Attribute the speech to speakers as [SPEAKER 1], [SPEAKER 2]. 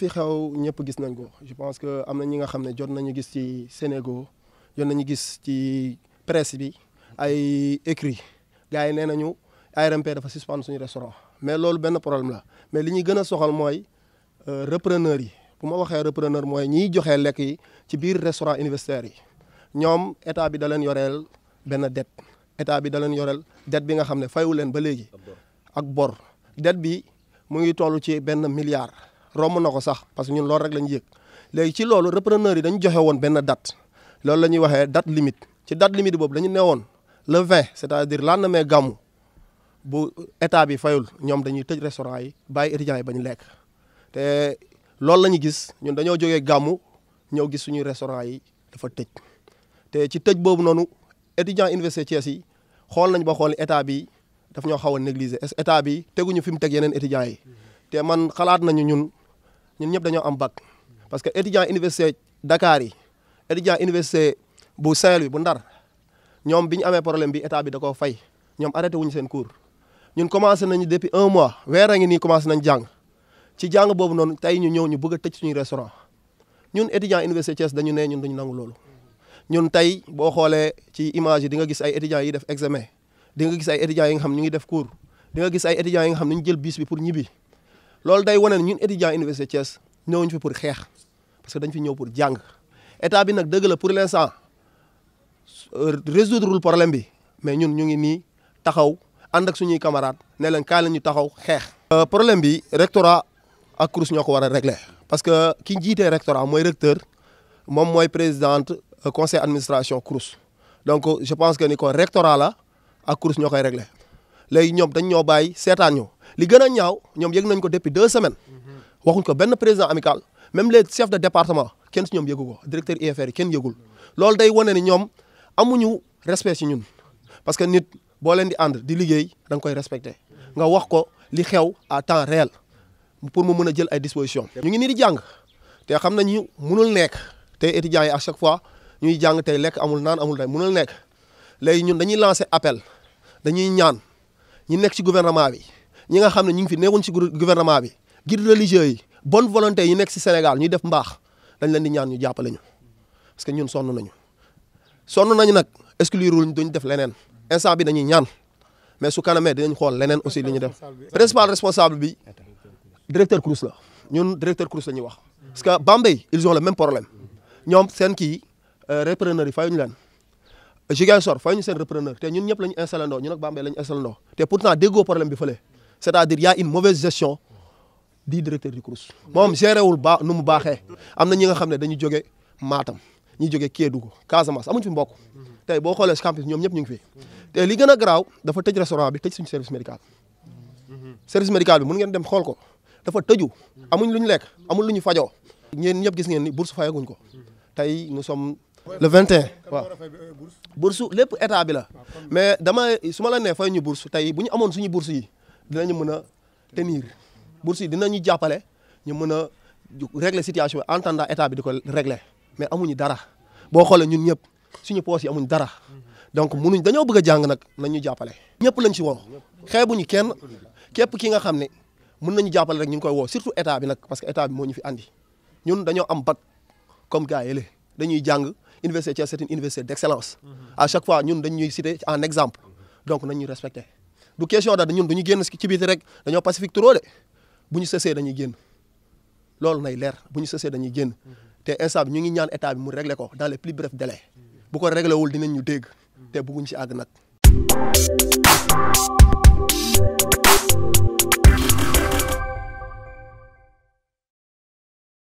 [SPEAKER 1] fi xew ñëpp gis nañ ko je pense que am na ñi nga xam ne jot nañu gis ci Sénégal jot nañu gis ci presse bi ay écrit gars yi nee nañu ARMP dafa suspendre suñu restaurant mais loolu benn problème la mais li ñuy gën a soxal mooy euh, repreneur yi bu ma waxee repreneur mooy ñuy joxe lekk yi ci biir restaurant universitaire yi ñoom état bi da leen yoreel benn dette état bi da leen yoreel dette bi nga xam ne fayu leen ba léegi ak bor dette bi mu ngi toll ci benn milliard romb na ko sax parce que ñun loolu rek lañu yëg léegi ci loolu repreneur yi dañu joxe woon benn dat loolu la ñuy waxee date limite ci date limite boobu dañu neewoon woon le 20 c'est-à-dire lendemain gàmmu bu état bi fayul ñoom dañuy tëj restaurant yi bàyyi étudiants yi ba ñu lekk te loolu la ñu gis ñun dañoo joge gàmmu ñëw gis suñuy restaurant yi dafa tëj te ci tëj boobu noonu étudiants université Thiès yi xool nañ ba xool état bi daf ñoo xaw a négliger état bi teguñu fi mu teg yeneen étudiants yi te man xalaat nañu ñun ñun ñëpp dañoo am bac parce que étudiant université Dakar yi étudiant université bu saint bu Ndar ñoom bi ñu amee problème bi état bi da koo fay ñoom arrêté wuñ seen cour ñun commencé nañu depuis un mois weer a ngi nii commencé nañ jàng ci jàng boobu noonu tey ñu ñëw ñu bëgg a tëj suñu restaurant ñun étudiant université Thiès dañu nee ñun dañu nangu loolu ñun tey boo xoolee ci image yi di nga gis ay étudiants yi def examen di nga gis ay étudiants yi nga xam ñu ngi def cours di nga gis ay étudiants yi nga xam ne ñu jël bis bi pour ñibbi loolu day wane ne ñun étudiants université Thiès ñëwuñu fi pour xeex parce que dañ fi ñëw pour jàng état bi nag dëgg la pour l'instant euh, résoudre le problème bi mais ñun ñu ngi nii taxaw ànd ak suñuy camarades ne leen kaay la ñu taxaw xeex. Euh, problème bi rectorat ak CROUS ñoo ko war a régler parce que ki jiitee rectorat mooy recteur moom mooy présidente. Euh, conseil administration CROUS donc euh, je pense que ni ko rectorat la ak CROUS ñoo koy réglé léegi ñoom dañ ñoo bàyyi seetaan ñu li gën a ñaaw ñoom yëg nañ ko depuis deux semaines mhm. waxuñ ko benn président amical même les chefs de département kenn si ñoom yëgu ko directeur IFR yi kenn yëgul loolu day wane ni ñoom amuñu respect si ñun parce que nit boo leen di ànd di liggéey da koy respecté nga wax ko li xew à temps réel pour mu mën a jël ay dispositions. ñu ngi nii di jàng te xam nañu mënul nekk te étudiants chaque fois. ñuy jàng tey lekk amul naan amul tey mënul nekk léegi ñun dañuy lancer appel dañuy ñaan ñu nekk ci gouvernement bi ñi nga xam ne ñu ngi fi nekkoon ci gouvernement bi guide religieux yi bonne volonté yi nekk ci Sénégal ñuy def mbaax dañ leen di ñaan ñu jàppale ñu parce que ñun sonn nañu sonn nañu nag exclure duñ def leneen instant bi dañuy ñaan mais su kanamee dinañ xool leneen aussi li ñu def principal responsable bi directeur Crous la ñun directeur Crous la ñuy wax parce que Bambey ils ont le même problème ñoom Euh, repreneur yi fayuñu leen Ziguinchor fayuñu seen repreneur te ñun ñëpp la ñu installé ndoo ñun ak Bambey la ñu installé ndoo te pourtant déggoo problème c'est-à-dire y une mauvaise gestion du directeur du CROUS moom géré wul ba nu mu baaxee am na ñi nga xam ne dañu jóge Matam ñi jóge Kédougou Casamance amuñ fi mbokk tey boo xoolee campus ñoom ñëpp ñu ngi fi te li gën a garaaw dafa tëj restaurant bi tëj suñu service médical service médical bi mun ngeen xool ko dafa tëju lu ñu lekk amul lu ñu fajoo ñeen ñëpp gis ngeen ni bourse fayaguñ ko tey nous le 21 waaw euh, bourse lépp état bi la mais dama su ma la nee fay ñu bourse tey bu ñu amoon suñu bourse yi dinañu mën a tenir bourse yi dinañu jàppale ñu mën a régler situation en attendant état bi di ko régler mais amuñu dara boo xoolee ñun ñëpp suñu poos yi amuñu dara donc munuñ dañoo bëgg a jàng nag nañ ñu jàppale. ñëpp lañ ci woo xeebuñu kenn képp ki nga xam ne mun nañu jàppale rek ñu ngi koy woo surtout état bi nag parce que état moo ñu fi andi ñun dañoo am bac comme gars yële dañuy jàng. université Thiès c'est une université d'excellence. à chaque fois ñun dañ ñuy citer en exemple donc nañ ñu respecté du question daal ñun duñu génn ci biti rek dañoo pacifique trop de bu ñu sësee dañuy génn loolu nay leer bu ñu sësee dañuy génn te instant bi ñu ngi ñaan état bi mu régler ko dans les plus brefs délais bu ko réglé wul dinañ ñu dégg te bëgguñ ci àgg nag.